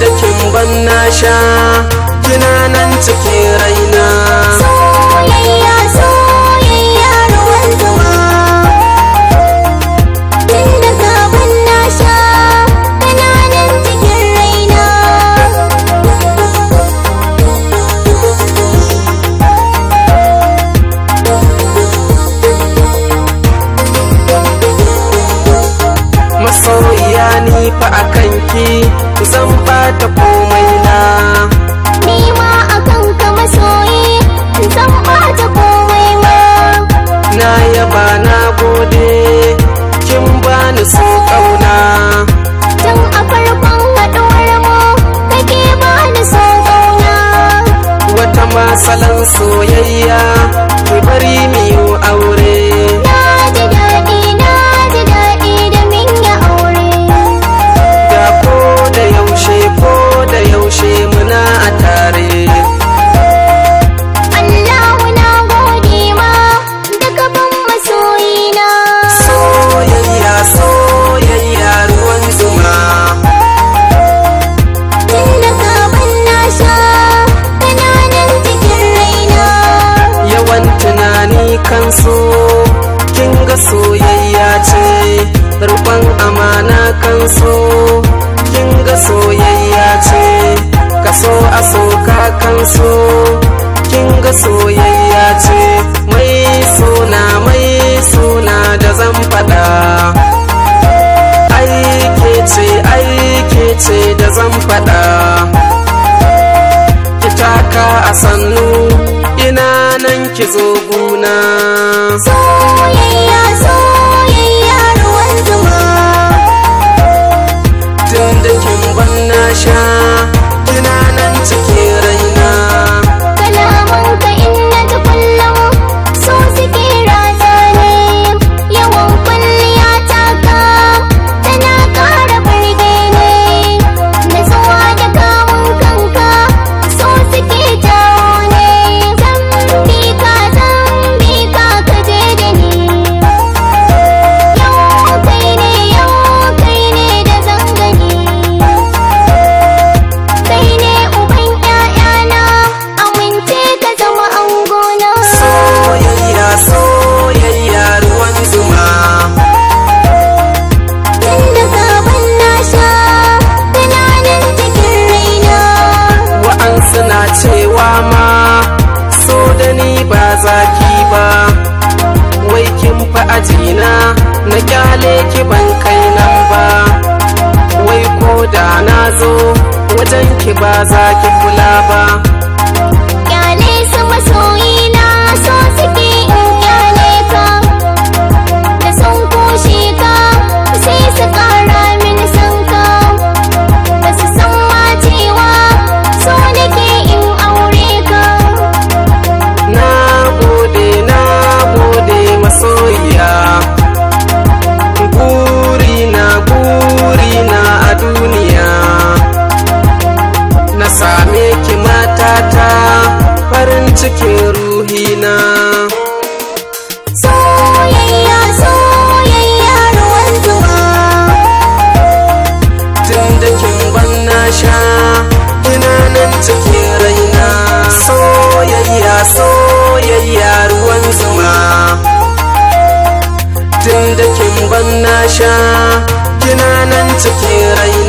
da kin na sha kina nan cikin raina soyayya soyayya ruwan zuma kin da ka sha kana nan cikin raina masoyiya ni fa akan ki kusan bata komai na nima akan ka masoyi kusan bata komai ma na yaba na gode kin bani so kauna tun a farkon haɗuwar mu kake bani so kauna wata masalan soyayya ki bari ni zan faɗa ki taka a sannu ina nan ki zo guna soyayya soyayya ruwan zuma tun da kin ban na sha dajina na kyale ki ban kai nan ba wai ko da na zo wajen ki ba za ki kula ba cikin ruhina soyayya soyayya ruwan zuba tun da kin banna sha ina nan cikin raina soyayya soyayya ruwan zuma tun da kin banna sha kina nan cikin raina